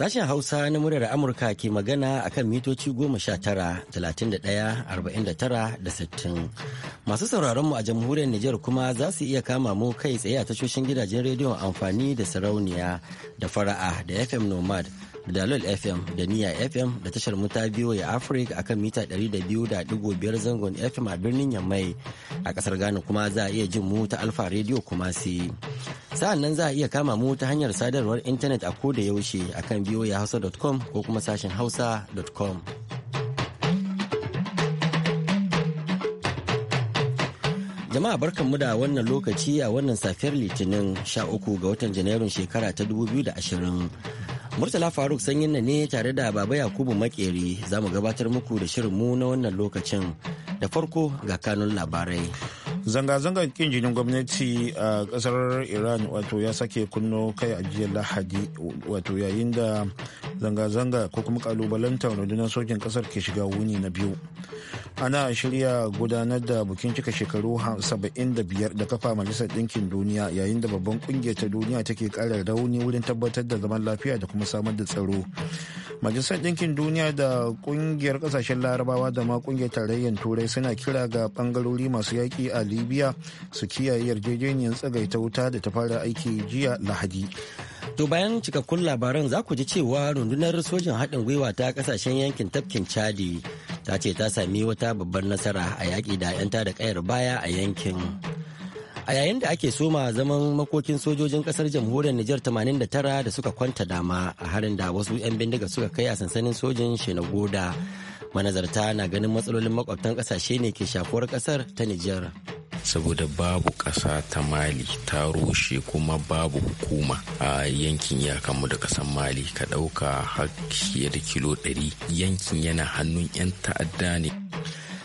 Sashen Hausa na muryar Amurka ke magana a kan mitoci goma sha tara, talatin da ɗaya, arba'in da tara da sittin. Masu sauraronmu a jamhuriyar Nijar kuma za su iya kama mu kai tsaye a tashoshin gidajen rediyon amfani da sarauniya da fara'a da FM Nomad. dalol fm da niya fm da tashar muta biyo ya afirka akan mita 200.5 zangon fm a birnin yammai a kasar ghana kuma za a iya jin mu ta alfa radio kuma si sa'an nan za a iya kama mu ta hanyar sadarwar intanet a koda yaushe akan hausa.com ko kuma sashen hausa.com Jama'a barkan mu da wannan lokaci a wannan safiyar Litinin 13 ga watan Janairun shekara ta 2020. Murtala Faruk sanyin ne tare da Baba Yakubu Makeri za mu gabatar muku da shirin mu na wannan lokacin. Da farko ga kanun labarai. Zanga-zangar kin jinin gwamnati a ƙasar Iran wato ya sake kunno kai a jiya Lahadi wato yayin da zanga-zanga ko kuma kalubalantar rundunar sojin ƙasar ke shiga wuni na biyu. ana shirya gudanar da bukin cika shekaru 75 da kafa majalisar ɗinkin duniya yayin da babban kungiyar ta duniya take ƙara rauni wurin tabbatar da zaman lafiya da kuma samar da tsaro majalisar ɗinkin duniya da kungiyar ƙasashen larabawa da ma kungiyar tarayyar turai suna kira ga bangarori masu yaki a libya su kiyaye yarjejeniyar tsagaita wuta da ta fara aiki jiya lahadi To bayan cikakkun labaran za ku ji cewa rundunar sojin haɗin gwiwa ta ƙasashen yankin tafkin Chadi ta ce ta sami wata babbar nasara a yaƙi da 'yan da kayar baya a yankin a yayin da ake soma zaman makokin sojojin kasar jamhuriyar Nijar 89 da suka kwanta dama a harin da wasu 'yan bindiga suka kai a sansanin sojin Shenagoda manazarta na ganin matsalolin makwabtan kasashe ne ke shafuwar kasar ta Nijar. saboda babu ƙasa ta mali ta rushe kuma babu hukuma a yankin iyakanmu da ƙasar mali ka ɗauka har da kilo 100 yankin yana hannun 'yan ta'adda ne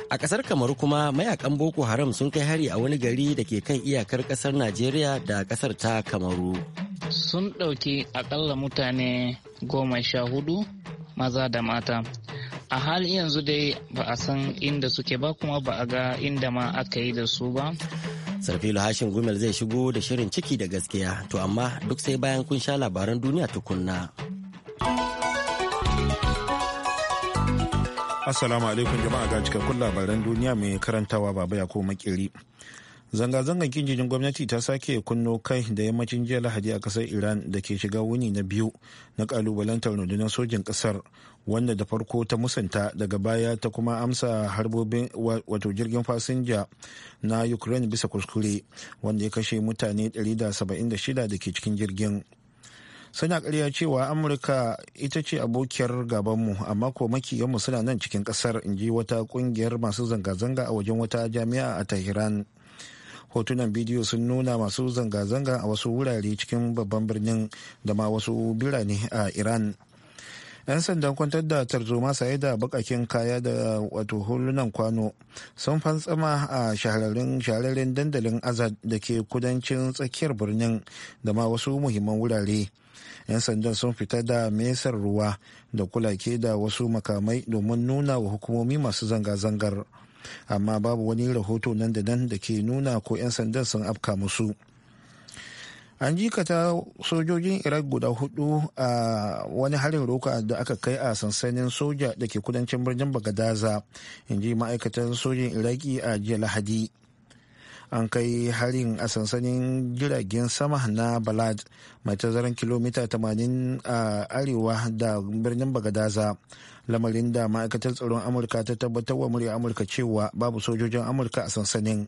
a ƙasar kamaru kuma mayakan boko haram sun kai hari a wani gari da ke kan iyakar ƙasar najeriya da ƙasar ta kamaru sun ɗauki aƙalla mutane goma sha hudu maza da mata a halin yanzu dai ba a san inda suke ba kuma ba a ga inda ma aka yi da su ba sarfilu hashin gumel zai shigo da shirin ciki da gaskiya to amma duk sai bayan kun sha labaran duniya tukunna assalamu alaikum jama'a ga cikakkun labaran duniya mai karantawa baba ya ko makiri zanga-zangar kinjinin gwamnati ta sake kunno kai da yammacin jiya lahadi a kasar iran da ke shiga wuni na biyu na kalubalantar rundunar sojin kasar wanda da farko ta musanta daga baya ta kuma amsa harbobin wato jirgin fasinja na ukraine bisa kuskure wanda ya kashe mutane 176 da ke cikin jirgin sana karya cewa amurka ita ce abokiyar gabanmu amma ko makiyanmu suna nan cikin kasar in ji wata kungiyar masu zanga-zanga a wajen wata jami'a a tehran hotunan bidiyo sun nuna masu zanga-zanga a wasu wurare cikin babban birnin da ma wasu birane a iran 'yan sandan kwantar da tarzoma saye da bakakin kaya da wato hulunan kwano sun fantsama a shahararren dandalin azad da ke kudancin tsakiyar birnin da ma wasu muhimman wurare 'yan sandan sun fita da mesar ruwa da kulake da wasu makamai domin nuna wa hukumomi masu zanga-zangar amma babu wani rahoto nan da nan da ke nuna ko 'yan sandan sun afka musu an jikata sojojin iraq guda hudu a wani harin roka da aka kai a sansanin soja da ke kudancin birnin bagadaza in ji ma'aikatan sojin iraki a jiya lahadi an kai harin a sansanin jiragen sama na balad mai tazaran kilomita 80 a arewa da birnin bagadaza lamarin da ma'aikatar tsaron amurka ta tabbatar wa murya amurka cewa babu sojojin amurka a sansanin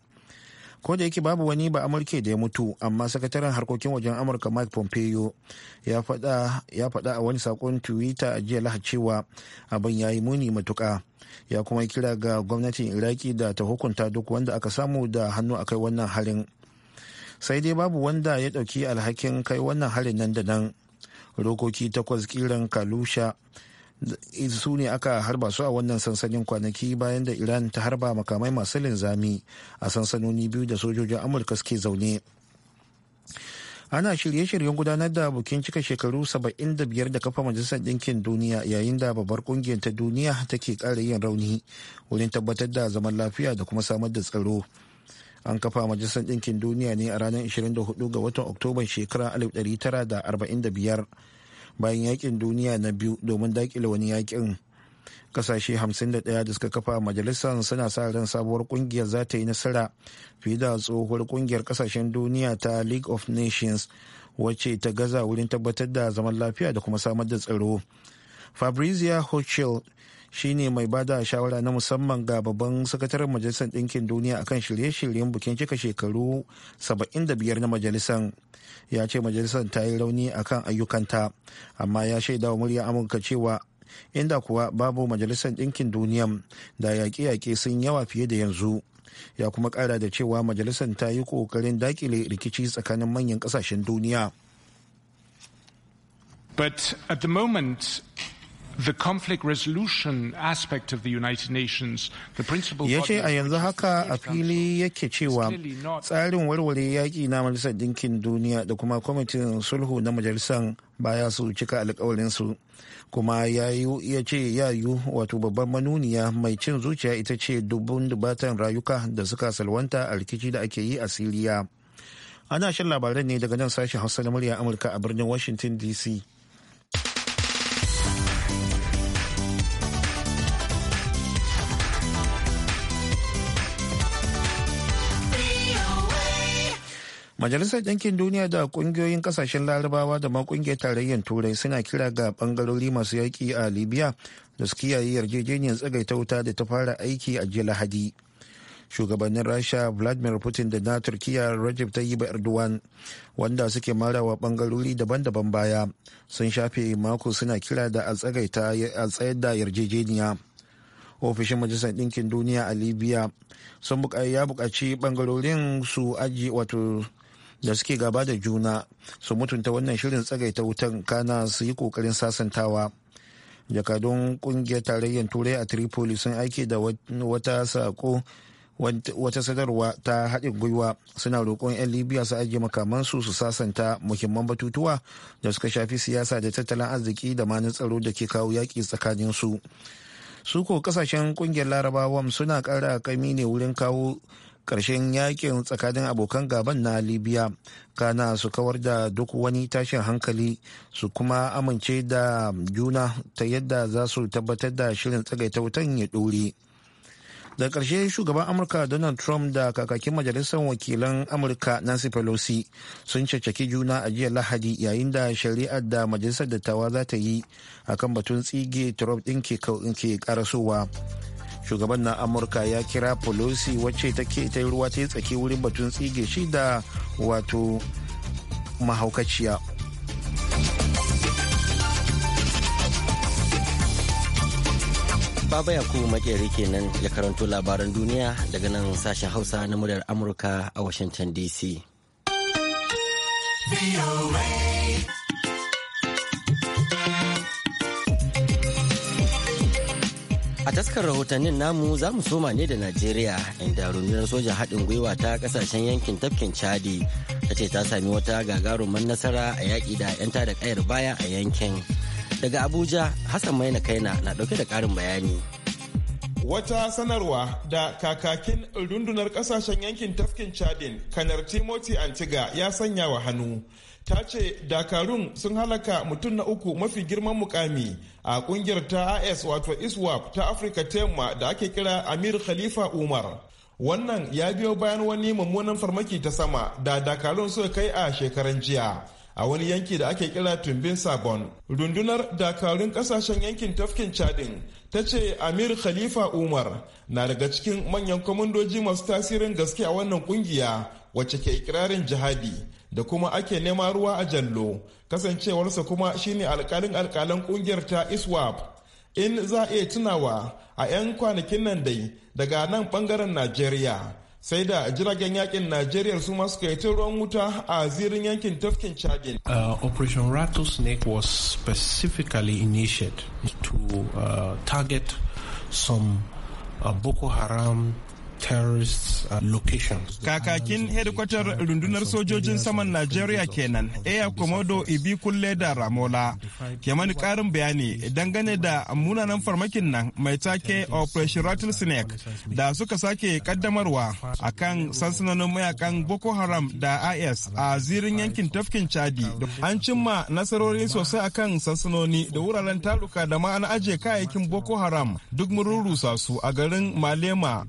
ko da yake babu wani ba amurke da ya mutu amma sakataren harkokin wajen amurka mike pompeo ya faɗa a wani sakon twitter a jiya lahacewa cewa abin ya yi muni matuka ya kuma kira ga gwamnatin iraki da ta hukunta duk wanda aka samu da hannu a kai wannan harin sai dai babu wanda ya ɗauki alhakin kai wannan harin nan da nan rokoki takwas kiran kalusha su ne aka harba su a wannan sansanin kwanaki bayan da iran ta harba makamai masu linzami a sansanoni biyu da sojojin amurka suke zaune ana shirye-shiryen gudanar da bukin cika shekaru 75 da kafa majalisar ɗinkin duniya yayin da babbar kungiyar ta duniya take ƙara yin rauni wurin tabbatar da zaman lafiya da kuma samar da tsaro an kafa majalisar ɗinkin duniya ne a ranar 24 ga watan oktoba shekarar 1945 bayan yakin duniya na biyu domin dakile wani yakin kasashe 51 da suka kafa majalisar suna sa ran sabuwar kungiyar za ta yi nasara fiye da tsohuwar kungiyar kasashen duniya ta league of nations wacce ta gaza wurin tabbatar da zaman lafiya da kuma samar da tsaro fabrizia hochel shine mai bada shawara na musamman ga babban sakataren majalisar ɗinkin duniya akan shirye-shiryen bikin cika shekaru 75 na majalisar ya ce majalisar ta yi rauni akan ayyukanta amma ya shaida wa murya amurka cewa inda kuwa babu majalisar ɗinkin duniya da yaƙe-yaƙe sun yawa fiye da yanzu ya kuma ƙara da cewa majalisar ta yi ƙoƙarin daƙile rikici tsakanin manyan ƙasashen duniya but at the moment the conflict resolution aspect of the United Nations, the principal ya ce a yanzu haka a fili yake cewa tsarin warware yaƙi na majalisar ɗinkin duniya da kuma kwamitin sulhu na majalisar baya su cika alkawarinsu kuma ya ce ya yiwu wato babban manuniya mai cin zuciya ita ce dubun dubatan rayuka da suka salwanta a rikici da ake yi a siriya ana shan labaran ne daga nan sashen hausa na murya amurka a birnin washington dc majalisar ɗinkin duniya da ƙungiyoyin kasashen larabawa da ma ƙungiyar tarayyar turai suna kira ga bangarori masu yaƙi a libya da su kiyaye yarjejeniyar tsagaita wuta da ta fara aiki a jiya lahadi shugabannin rasha vladimir putin da na turkiya recep tayyip erdogan wanda suke marawa bangarori daban-daban baya sun shafe mako suna kira da a tsagaita a da yarjejeniya ofishin majalisar ɗinkin duniya a libya sun ya buƙaci bangarorin su aji wato da suke gaba da juna su mutunta wannan shirin tsagaita wutan kana su yi kokarin sasantawa jakadun kungiyar tarayyar turai a tripoli sun aiki da wata sako wata sadarwa ta haɗin gwiwa suna roƙon 'yan libya su ajiye makamansu su sasanta muhimman batutuwa da suka shafi siyasa da tattalin arziki da manin tsaro da ke kawo yaƙi tsakanin su su ko kasashen kungiyar larabawan suna ƙara ƙaimi ne wurin kawo karshen yakin tsakanin abokan gaban na libya kana su kawar da duk wani tashin hankali su kuma amince da juna ta yadda za su tabbatar da shirin tsagaita wutan ya dore? da karshe shugaban amurka donald trump da kakakin majalisar wakilan amurka nancy pelosi sun caccaki juna a jiya lahadi yayin da shari'ar da majalisar dattawa za ta yi akan batun tsige trump ɗin ke karasowa shugaban na amurka ya kira pelosi wacce take ta yi ruwa ta yi tsaki wurin batun tsige shi da wato mahaukaciya Baba Yakubu Makeri kenan ya karanto labaran duniya daga nan sashen Hausa na muryar Amurka a Washington DC. A taskar rahotannin namu za mu soma ne da Najeriya inda rundunar sojan haɗin gwiwa ta ƙasashen yankin tafkin Chadi ta ce ta sami wata gagarumar nasara a yaƙi da 'yan tada ƙayar baya a yankin. Daga Abuja, Hassan Maina Kaina na ɗauke da ƙarin bayani. Wata sanarwa da kakakin rundunar ƙasashen yankin tafkin Chadin, Kanar Timothy Antiga ya sanya wa hannu ta ce dakarun sun halaka mutum na uku mafi girman mukami a kungiyar ta as wato iswap ta afirka ta da ake kira amir khalifa umar wannan ya biyo bayan wani mummunan farmaki ta sama da dakarun suka kai a shekaran jiya a wani yanki da ake kira tumbin sabon rundunar dakarun kasashen yankin tafkin chadin ta ce amir khalifa umar na daga cikin manyan kwamandoji masu tasirin gaske a wannan kungiya wacce ke ikirarin jihadi da kuma ake nema ruwa a jallo kasancewarsa kuma shine alkalin alkalin kungiyar ta iswap in za a iya tunawa a 'yan kwanakin nan dai daga nan bangaren najeriya sai da jiragen yakin najeriya su masu kaitun ruwan wuta a zirin yankin tafkin chadin uh, operation rattlesnake was specifically initiated to uh, target some uh, boko haram terrorist uh, Kakakin hedikwatar rundunar sojojin saman Najeriya kenan, Air Komodo Ibi Kulle da Ramola, ke mani karin bayani dangane da munanan farmakin nan mai take Operation Rattlesnake da suka sake kaddamarwa a kan sansanonin mayakan Boko Haram da IS a zirin yankin tafkin Chadi. An cimma nasarori sosai a kan sansanoni da wuraren taluka da ma'ana ajiye kayayyakin Boko Haram duk mururusa su a garin Malema,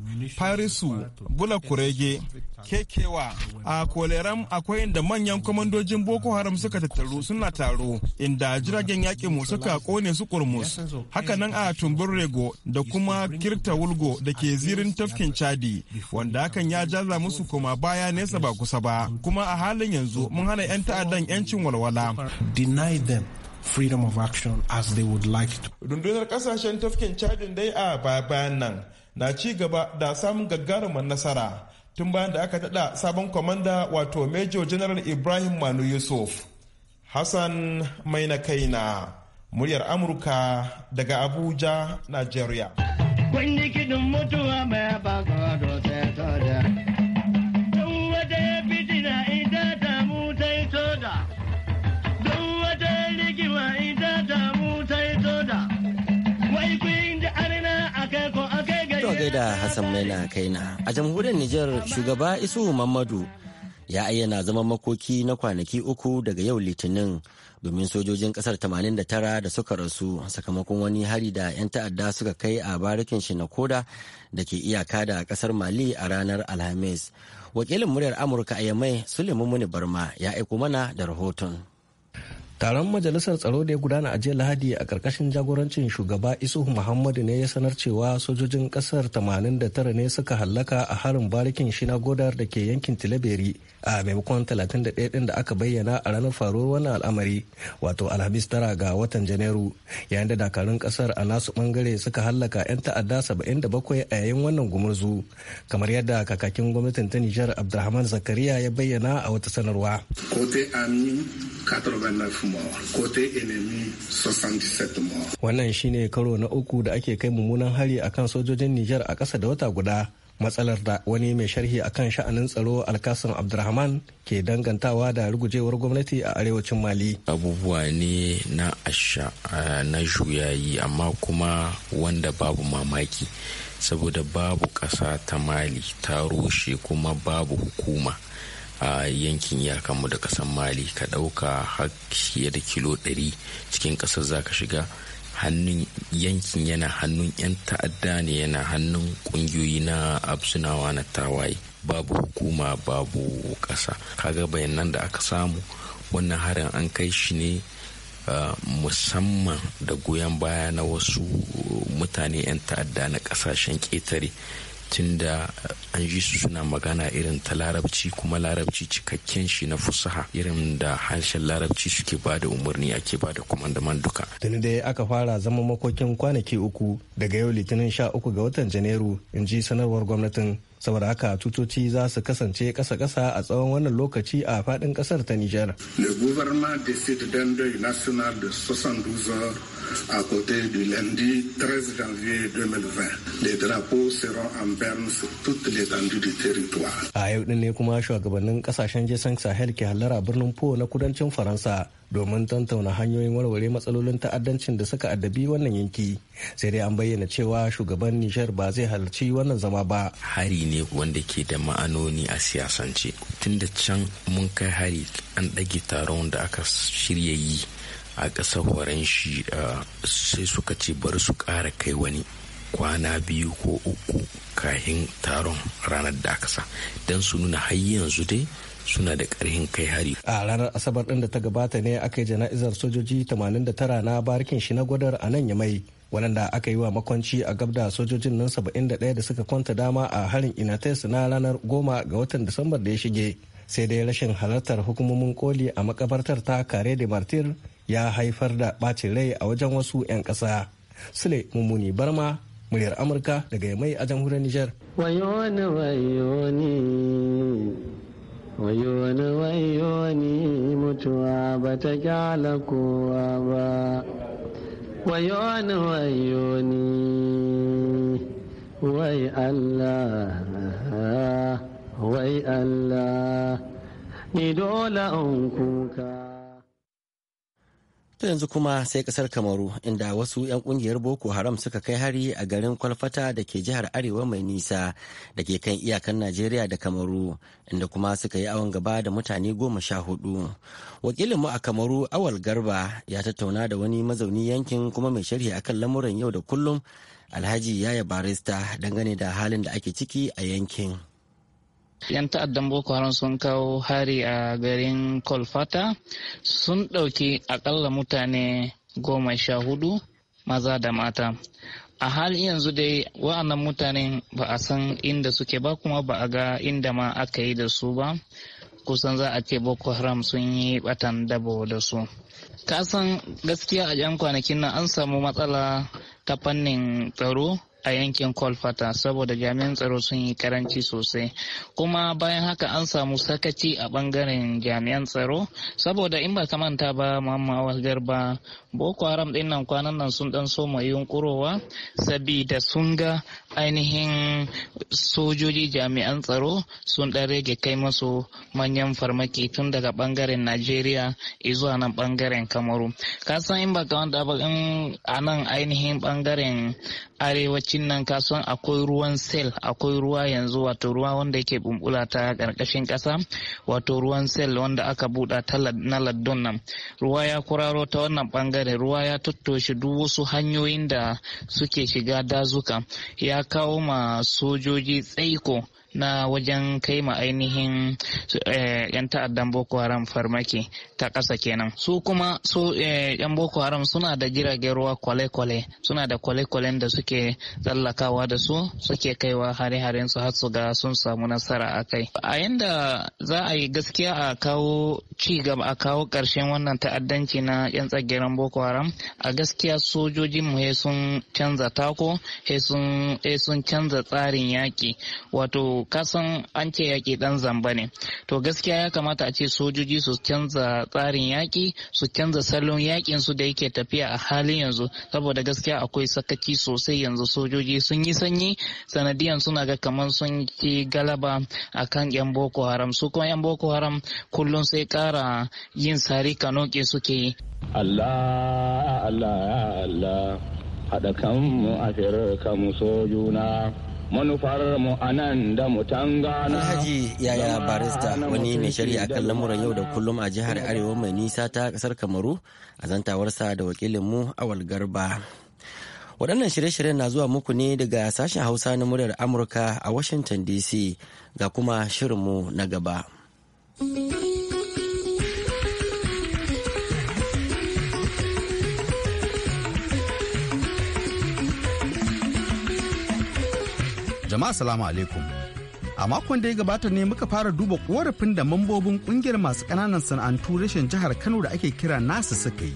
su bula kurege kekewa a koleram akwai inda manyan kwamandojin boko haram suka tattaru suna taro inda jiragen yaƙin mu suka kone su kurmus haka nan a tumbin rego da kuma kirta wulgo da ke zirin tafkin chadi wanda hakan ya jaza musu kuma baya nesa ba kusa ba kuma a halin yanzu mun hana 'yan ta'addan 'yancin walwala freedom of action as they would like to. Rundunar kasashen tafkin cadin dai a bayan nan na ci gaba da samun gaggarumar nasara tun bayan da aka daɗa sabon kwamanda wato major general ibrahim manu yusuf hassan mai na na muryar amurka daga abuja nigeria mutuwa da Hassan Maina Kaina. A jamhuriyar Nijar shugaba Isu Mamadu ya ayyana zaman makoki na kwanaki uku daga yau litinin domin sojojin kasar 89 da suka rasu sakamakon wani hari da 'yan ta'adda suka kai a barikin shinakoda da ke iyaka da kasar mali a ranar alhamis wakilin muryar amurka a yamai suleiman muni barma ya aiko mana da rahoton taron majalisar tsaro da ya gudana a jiya lahadi a ƙarƙashin jagorancin shugaba isuhu muhammadu ne ya sanar cewa sojojin ƙasar 89 ne suka hallaka a harin barikin shina godar da ke yankin Tileberi a maimakon 31 ɗin da aka bayyana a ranar faruwar wannan al'amari wato alhamis tara ga watan janairu yayin da dakarun ƙasar a nasu bangare suka hallaka 'yan ta'adda 77 a yayin wannan gumurzu kamar yadda kakakin gwamnatin ta nijar abdulrahman zakariya ya bayyana a wata sanarwa. wannan shi ne Wannan shine karo na uku da ake kai mummunan hari kan sojojin Nijar a ƙasa da wata guda. matsalar da wani mai sharhi akan sha'anin tsaro alkasan abdulrahman ke dangantawa da rugujewar gwamnati a arewacin mali abubuwa ne na asha na juyayi amma kuma wanda babu mamaki saboda babu ƙasa ta mali ta rushe kuma babu hukuma a yankin iyakanmu da kasan mali ka ɗauka har fiye da kilo 100 cikin ƙasar za ka shiga hannun yankin yana hannun 'yan ta'adda ne yana hannun ƙungiyoyi na absunawa na tawaye babu hukuma babu ƙasa kaga bayanan da aka samu wannan harin an kai shi ne Uh, musamman da goyon baya na wasu mutane 'yan ta'adda na ƙasashen ƙetare da eh, an ji su suna magana irin ta larabci kuma larabci cikakken shi na fusaha irin da harshen larabci suke ba da umarni ake ba da kwamandaman duka. Tuni dai aka fara zama makokin kwanaki uku daga yau litinin sha uku ga watan Janairu in ji sanarwar gwamnatin saboda haka tutoci za su kasance ƙasa-ƙasa a tsawon wannan lokaci a faɗin ƙasar ta Nijar. Le gouvernement décide d'un deuil national de 72 heures à côté du lundi 13 janvier 2020. Les drapeaux seront en berne sur les étendues du territoire. A yau din ne kuma shugabannin kasashen jesan Sahel ke hallara birnin Po na kudancin Faransa domin tantauna hanyoyin warware matsalolin ta'addancin da suka addabi wannan yanki sai dai an bayyana cewa shugaban nishar ba zai halarci wannan zama ba hari ne wanda ke da ma'anoni a siyasance tun da can mun kai hari an ɗage taron da aka shirya yi a ƙasar horon shi sai suka ce bari su ƙara kai wani kwana biyu ko uku kahin taron ranar da aka sa don su nuna har yanzu dai suna da karhin kai hari. A ranar Asabar ɗin da ta gabata ne aka yi jana'izar sojoji 89 na barikin shi na gwadar a nan Yamai. waɗanda aka yi wa makwanci a gabda sojojin nan 71 da suka kwanta dama a harin inatesu na ranar 10 ga watan disambar da ya shige sai dai rashin halartar hukumomin koli a makabartar ta kare da martir ya haifar da bacin rai a wajen wasu 'yan ƙasa sule mummuni barma muryar amurka daga mai a jamhuriyar nijar. wayo wayo ne. wayoni wayoni mutuwa ba ta kyala kowa ba wayoni wayoni wai allah wai allah ni dole in kuka To yanzu kuma sai kasar Kamaru inda wasu 'yan kungiyar Boko Haram suka kai hari a garin Kwalfata da ke jihar Arewa mai nisa da ke kan iyakan Najeriya da Kamaru inda kuma suka yi awon gaba da mutane goma sha hudu. Wakilinmu a Kamaru Awal Garba ya tattauna da wani mazauni yankin kuma mai sharhi akan lamuran yau da kullum Alhaji Yaya Barista dangane da halin da ake ciki a yankin. yan ta'addan boko haram sun kawo hari a garin kolfata sun ɗauki akalla mutane goma sha hudu maza da mata a halin yanzu dai wa'annan mutanen ba a san inda suke ba kuma ba a ga inda ma aka yi da su ba kusan za a ce boko haram sun yi batan dabo da su kasan gaskiya a yan kwanakin nan an samu matsala ta fannin tsaro a yankin kolfata saboda jami'an tsaro sun yi karanci sosai kuma bayan haka an samu sakaci a bangaren jami'an tsaro saboda in ba ka manta ba mamawar garba boko haram din nan kwanan nan sun dan mai yunkurowa sabida sun ga ainihin sojoji jami'an tsaro sun dan rage kai masu manyan farmaki tun daga bangaren najeriya zuwa nan bangaren kamaru kasan in baka wanda ba in anan ainihin bangaren arewacin nan kasan akwai ruwan sel akwai ruwa yanzu wato ruwa wanda yake bumbula ta karkashin ƙasa wato ruwan sel wanda aka buɗa ta na laddon nan ruwa ya kuraro ta wannan bangaren bangare ruwa ya tattoshe duk wasu hanyoyin da suke shiga dazuka ya kawo ma sojoji tsaiko na wajen kai ma ainihin eh, yan ta'addan boko haram farmaki ta ƙasa kenan su kuma su eh, yan boko haram suna da jiragen ruwa kwale-kwale suna da kwale-kwalen da suke tsallakawa da su suke kaiwa hare-haren su har su ga sun samu nasara a kai a yanda za a yi gaskiya a kawo ci gaba a kawo ƙarshen wannan ta'addanci na yan tsageren boko haram a gaskiya sojojin mu sun canza tako sun canza tsarin yaƙi wato kasan an ce yaƙi ɗan zamba ne to gaskiya ya kamata a ce sojoji su canza tsarin yaƙi su canza salon yaƙin su da yake tafiya a halin yanzu saboda gaskiya akwai sakaci sosai yanzu sojoji sun yi sanyi sanadiyan suna ga kamar sun ci galaba a kan yan boko haram su kuma yan boko haram kullum sai ƙara yin sari kanoke suke yi Allah Allah Allah haɗa kanmu a kanmu so juna manufar mu nan da mu Alhaji yaya barista wani mai shari'a kan lamuran yau da kullum a jihar Arewa mai nisa ta kasar Kamaru a zantawarsa da wakilinmu mu Awal Garba Waɗannan shirye-shiryen na zuwa muku ne daga sashen Hausa na muryar Amurka a Washington DC ga kuma shirinmu na gaba. Jama'a salamu alaikum. A makon da ya gabata ne muka fara duba korafin da mambobin kungiyar masu kananan sana'antu rashin jihar Kano da ake kira nasu suka yi.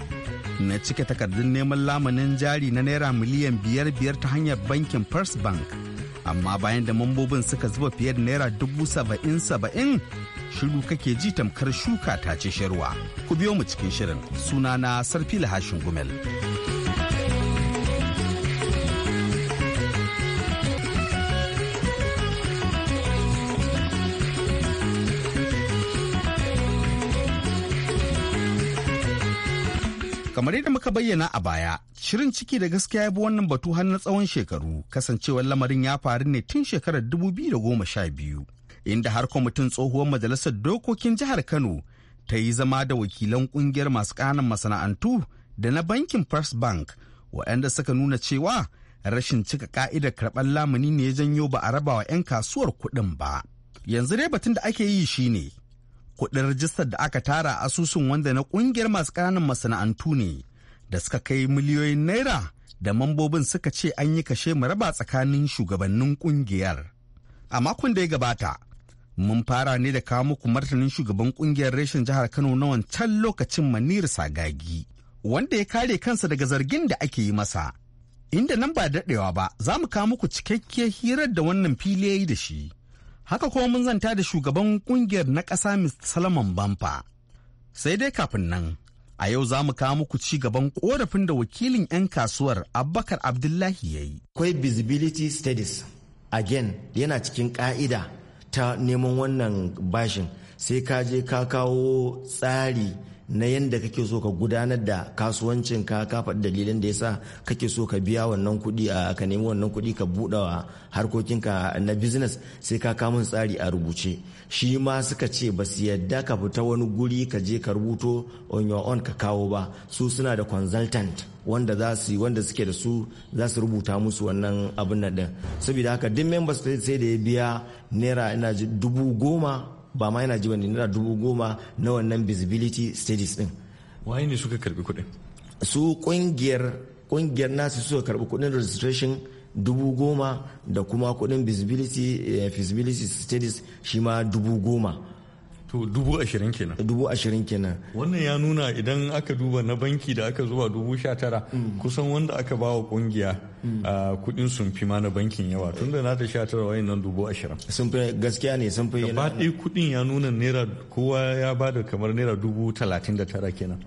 Na cike takardun neman lamanin jari na naira miliyan biyar biyar ta hanyar bankin First Bank. Amma bayan da mambobin suka zuba fiye da naira dubu saba'in saba'in shiru kake ji tamkar shuka ta ce shirwa. Ku biyo mu cikin shirin sunana Sarfila Hashin Gumel. kamar yadda muka bayyana a baya shirin ciki da gaskiya ya bi wannan batu har na tsawon shekaru kasancewar lamarin ya faru ne tun shekarar dubu biyu da goma sha biyu. inda har kwamitin tsohuwar majalisar dokokin jihar kano ta yi zama da wakilan kungiyar masu kanan masana'antu da na bankin first bank waɗanda suka nuna cewa rashin cika ka'idar karɓar lamuni ne ya janyo ba a raba wa 'yan kasuwar kuɗin ba yanzu dai batun da ake yi shine kuɗin rajistar da aka tara asusun wanda na kungiyar masu ƙananan masana'antu ne da suka kai miliyoyin naira da mambobin suka ce an yi kashe mu raba tsakanin shugabannin ƙungiyar. A makon da ya gabata, mun fara ne da kawo muku martanin shugaban ƙungiyar reshen jihar Kano na wancan lokacin Manir Sagagi, wanda ya kare kansa daga zargin da ake yi masa. Inda nan ba daɗewa ba, za mu kawo muku cikakkiyar hirar da wannan fili ya yi da shi. Haka kuma mun zanta da shugaban kungiyar na ƙasa Mr. salaman Bamfa. Sai dai kafin nan, a yau za mu kawo muku ci gaban ƙorafin da wakilin 'yan kasuwar Abubakar Abdullahi ya yi. Akwai visibility studies, again yana cikin ƙa'ida ta neman wannan bashin sai ka je ka kawo tsari na yadda kake so ka gudanar da kasuwancin ka ka faɗi dalilin da yasa kake so ka biya wannan kuɗi a ka nemi wannan kuɗi ka buɗe wa harkokinka na business sai ka kamun tsari a rubuce shi ma suka ce ba su yadda ka fita wani guri ka je ka rubuto on your own ka kawo ba su suna da consultant wanda za su wanda suke da su za su rubuta musu wannan abin nan din saboda haka duk members sai da ya biya naira ina dubu goma ba ma yana jiwa bane naira dubu goma na wannan visibility studies din waye ne suka karbi kudin su kungiyar kungiyar nasu suka karbi kudin registration dubu goma da kuma kudin visibility eh, feasibility studies shi ma dubu goma To dubu ashirin kenan. Dubu ashirin kenan. Wannan ya nuna idan aka duba na banki da aka zuba dubu sha tara mm. kusan wanda aka ba wa kungiya mm. kudin sun fi ma na bankin yawa tun da na ta sha tara wayan nan dubu ashirin. Sun fi gaskiya ne sun fi yana. Gaba ɗaya kudin ya nuna naira kowa ya ba da kamar naira dubu talatin da tara kenan.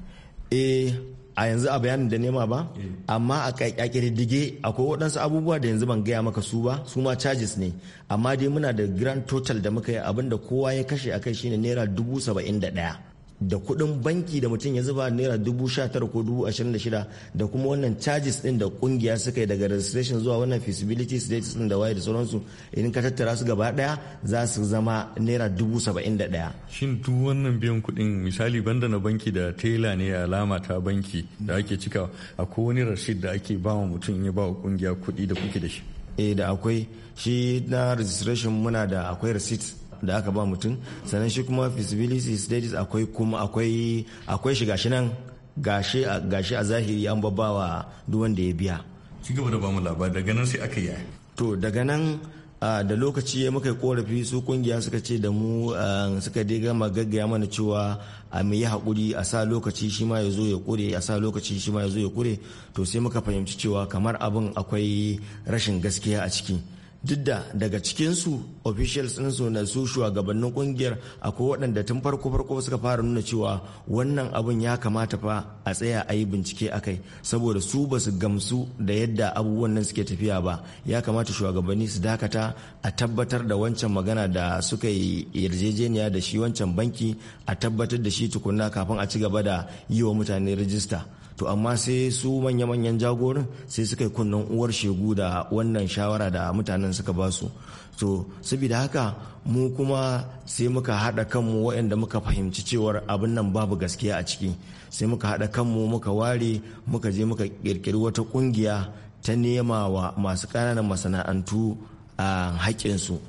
Eh a yanzu a bayanin da nema ba eh. amma a kakakiri dige akwai waɗansu abubuwa da yanzu ban gaya maka su ba su ma charges ne amma dai muna da grand total da muka yi abin da kowa ya kashe a kai shine naira dubu saba'in da ɗaya da kuɗin banki da mutum ya zuba naira dubu sha tara ko dubu ashirin da shida da kuma wannan charges din da kungiya suka yi daga registration zuwa wannan feasibility status din da waye da sauransu idan ka tattara su gaba daya za su zama naira dubu saba'in da daya. shin duk wannan biyan kuɗin misali banda na banki da tela ne alama ta banki da ake cika ko wani rashid da ake ba wa mutum ya ba wa kungiya kuɗi da kuke da shi. eh da akwai shi na registration muna da akwai receipt da aka ba mutum sannan shi kuma feasibility studies akwai kuma akwai akwai shi gashi nan gashi gashi a zahiri an babbawa duk wanda ya biya ki gaba da bamu labari daga nan sai aka yi to daga nan da lokaci ya muka korafi su kungiya suka ce da mu suka dai gama gaggaya mana cewa a mai yi haƙuri a sa lokaci shi ma ya zo ya kure a sa lokaci shi ma ya zo ya kure to sai muka fahimci cewa kamar abin akwai rashin gaskiya a ciki duk da daga cikinsu officials su na su shugabannin kungiyar akwai waɗanda tun farko farko suka fara nuna cewa wannan abun ya kamata fa a tsaya a yi bincike a kai saboda su ba su gamsu da yadda abubuwan nan suke tafiya ba ya kamata shugabanni su dakata a tabbatar da wancan magana da suka yi yarjejeniya da shi wancan banki a tabbatar da shi tukunna kafin a ci gaba da yi wa mutane rijista to amma sai su manya-manyan jagorin sai suka yi kunnen uwar shegu da wannan shawara da mutanen suka ba su to saboda haka mu kuma sai muka haɗa kanmu waɗanda muka fahimci cewar abin nan babu gaskiya a ciki sai muka haɗa kanmu muka ware muka je muka ƙirƙiri wata ƙungiya ta nema wa masu ƙananan masana'antu a ah, haƙƙinsu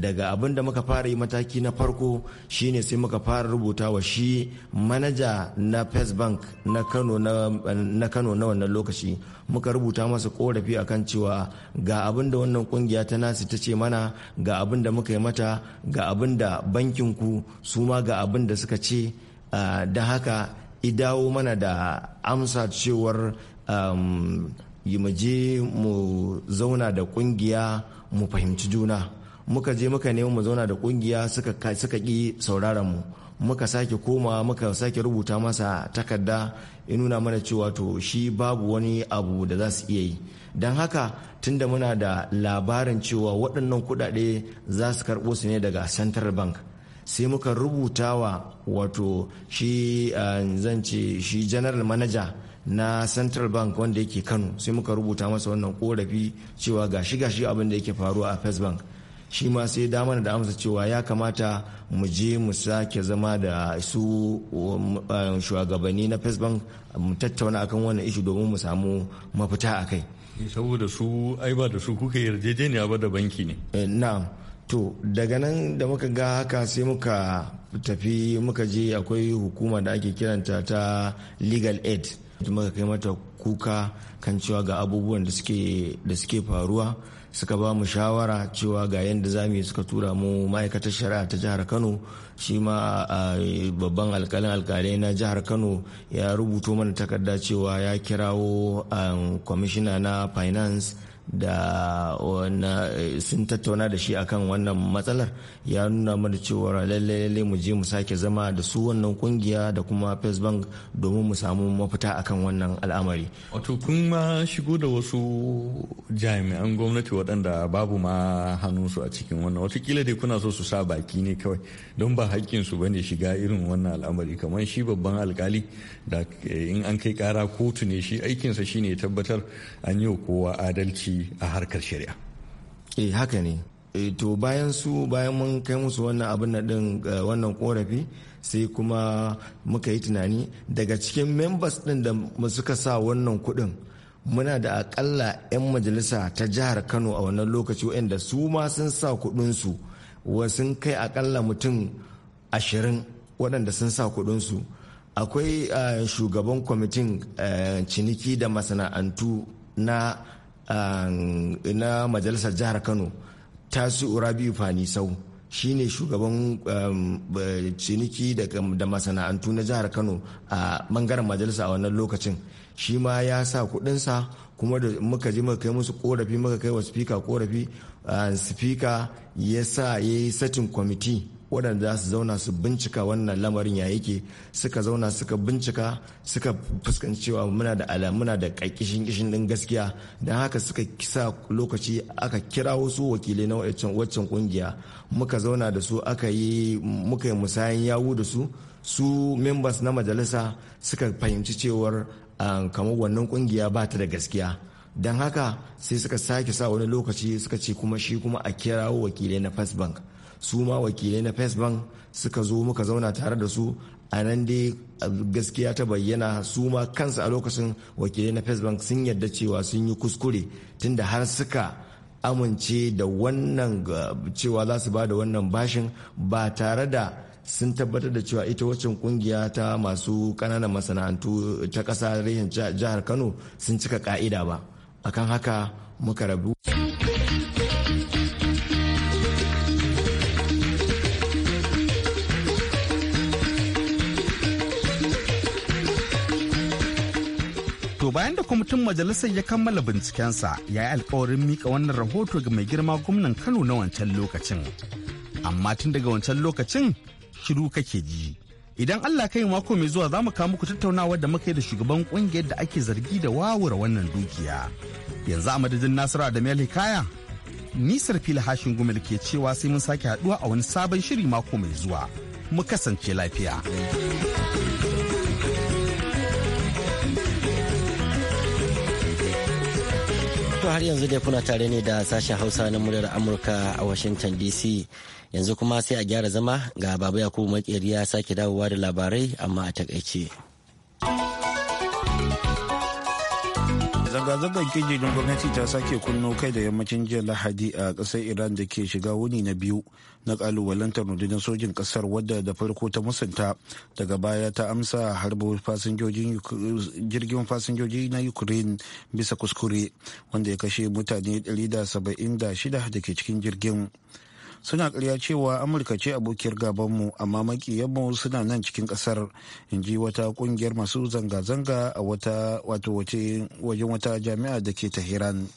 daga abin da muka fara yi mataki na farko shine sai muka fara rubuta wa shi manaja na first bank na kano na wannan lokaci muka rubuta masa korafi akan cewa ga abin da wannan kungiya ta nasi ta ce mana ga abin da muka yi mata ga abin da bankin ku su ma ga abin da suka ce ah, da haka idawo mana da amsa cewar um, yi mu mu zauna da kungiya mu fahimci juna muka je muka nemi mu zauna da kungiya suka ki sauraron mu muka sake koma muka sake rubuta masa takarda ya nuna mana cewa to shi babu wani abu da za su iya yi don haka tunda muna da labarin cewa waɗannan kuɗaɗe za su karɓo su ne daga central bank sai muka rubuta wa wato shi eh, zance shi general manager na central bank wanda yake kano sai muka rubuta masa wannan korafi cewa gashi gashi abin da yake faruwa a first bank shi ma sai da mana da amsa cewa ya kamata mu je mu sake zama da su um, um, shugabanni na first bank mu tattauna akan wannan ishu domin mu samu mafita a kai eh, saboda su ai ba da su kuka yarjejeniya ba da banki ne eh, na'am to daga nan da muka ga haka sai muka tafi muka je akwai hukuma da ake kiranta ta legal aid muka kai mata kuka kan cewa ga abubuwan da suke faruwa suka ba mu shawara cewa ga yadda za mu yi suka tura mu ma'aikatar shari'a ta jihar kano shi ma babban alkalin alkalai na jihar kano ya rubuto mana takarda cewa ya kirawo um, kwamishina na finance da wani eh, sun tattauna da shi akan wannan matsalar ya nuna mana cewa lallai lallai mu je mu sake zama da su wannan kungiya da kuma first bank domin mu samu mafita akan wannan al'amari wato kun ma shigo da wasu jami'an gwamnati waɗanda babu ma hannunsu a cikin wannan watakila dai kuna so su sa baki ne kawai don ba haƙƙinsu ba ne shiga irin wannan al'amari kamar shi babban alkali da eh, in an kai ƙara kotu ne shi aikinsa shine tabbatar an yi kowa adalci a harkar shari'a eh haka ne eh, to bayan su bayan mun kai musu wannan abin na din eh, wannan korafi sai kuma muka yi tunani daga cikin members din da suka sa wannan kuɗin muna da akalla 'yan majalisa ta jihar kano a wannan lokaci wa'anda su ma sun sa su sun kai akalla mutum ashirin waɗanda sun sa su akwai eh, shugaban kwamitin ciniki da masana'antu na na majalisar jihar kano tasiu rabiu fanisau ne shugaban um, ciniki da masana'antu na jihar kano a bangaren majalisa a wannan lokacin shi ma ya sa kudinsa kuma da muka ji muka kai musu korafi muka kai wa spika korafi spika ya sa ya yi satin kwamiti waɗanda za su zauna su bincika wannan lamarin ya yake suka zauna suka bincika suka fuskanci cewa muna da alamuna da ƙaƙƙishin ƙishin ɗin gaskiya don haka suka sa lokaci aka kira wasu wakilai na waccan ƙungiya muka zauna da su aka yi muka yi musayan yawu da su su members na majalisa suka fahimci cewar ah, kamar wannan ƙungiya ba ta da gaskiya don haka sai suka sake sa wani lokaci suka ce kuma shi kuma a kirawo wakilai na first bank su ma wakilai na first bank suka zo muka zauna tare da su a nan dai gaskiya ta bayyana su ma kansu a lokacin wakilai na first bank sun yarda cewa sun yi kuskure tunda har suka amince da wannan cewa za su ba da wannan bashin ba tare da sun tabbatar da cewa ita waccan kungiya ta masu kananan masana'antu ta kasar rehin jihar kano sun cika ka'ida ba akan haka muka rabu. kwamitin majalisar ya kammala bincikensa ya yi alkawarin mika wannan rahoto ga mai girma gwamnan kano na wancan lokacin amma tun daga wancan lokacin shiru kake ji idan allah kai mako mai zuwa za mu kawo muku tattaunawa da muka yi da shugaban kungiyar da ake zargi da wawura wannan dukiya yanzu a madadin nasiru da mel hikaya nisar fili hashin gumel ke cewa sai mun sake haduwa a wani sabon shiri mako mai zuwa mu kasance lafiya. To har yanzu dai kuna tare ne da sashen Hausa na muryar Amurka a Washington DC. Yanzu kuma sai a gyara zama ga babu Yakubu Makeri ya sake dawowa da labarai amma a takaice. zanga-zangar kirjirin gwamnati ta sake kunno kai da yammacin jiya lahadi a ƙasar iran da ke shiga wuni na biyu na kalubalantar rundunar sojin ƙasar wadda da farko ta musanta daga baya ta amsa harbo jirgin fasinjoji na ukraine bisa kuskure wanda ya kashe mutane 176 da ke cikin jirgin suna karya cewa amurka ce abokiyar gabanmu amma makiyanmu suna nan cikin ƙasar in ji wata ƙungiyar masu zanga-zanga a wata wato wajen wata jami'a da ke tehran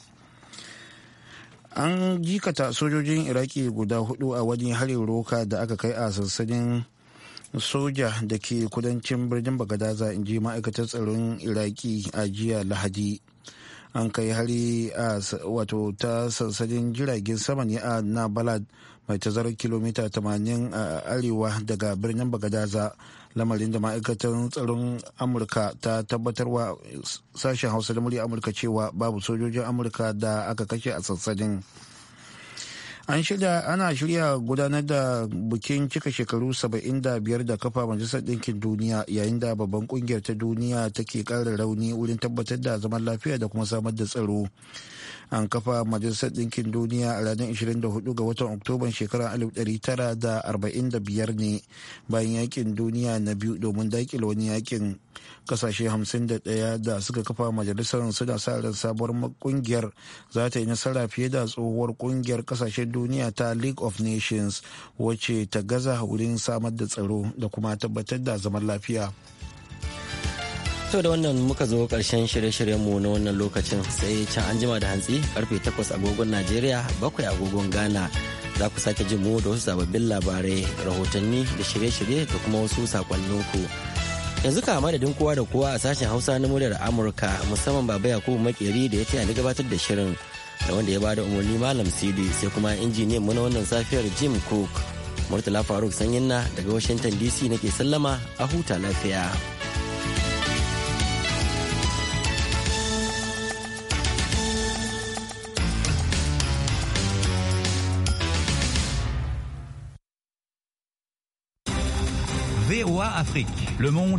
an jikata sojojin iraki guda hudu a wani harin roka da aka kai a sansanin soja da ke kudancin birnin bagadaza in ji ma'aikatar tsaron iraki a jiya lahadi an kai hari a wato ta sansanin jiragen sama ne a na balad mai tazarar kilomita 80 a arewa daga birnin bagadaza lamarin da ma'aikatan tsaron amurka ta tabbatarwa sashen hausa da murya amurka cewa babu sojojin amurka da aka kashe a sansanin an shirya ana shirya gudanar da bikin cika shekaru 75 da kafa majalisar ɗinkin duniya yayin da babban kungiyar ta duniya take ƙara rauni wurin tabbatar da zaman lafiya da kuma samar da tsaro an kafa majalisar ɗinkin duniya a ranar 24 ga watan oktoban shekarar 1945 ne bayan yakin duniya na biyu domin daƙil wani yakin kasashe 51 da suka kafa majalisar suna sa sabuwar kungiyar za ta yi nasara fiye da tsohuwar kungiyar kasashen duniya ta league of nations wacce ta gaza wurin samar da tsaro da kuma tabbatar da zaman lafiya. To da wannan muka zo karshen shirye-shiryenmu na wannan lokacin sai can anjima da hantsi karfe 8 agogon Najeriya bakwai agogon Ghana za ku sake jin mu da wasu sababbin labarai rahotanni da shirye-shirye da kuma wasu ku Yanzu ka madadin kowa da kowa a sashen Hausa na muryar Amurka musamman Baba Yakubu Makeri da ya taya ni gabatar da shirin da wanda ya da umarni Malam Sidi sai kuma injiniyan mu na wannan safiyar Jim Cook. Murtala Faruk Sanyinna daga Washington DC nake sallama a huta lafiya. Afrique. Le monde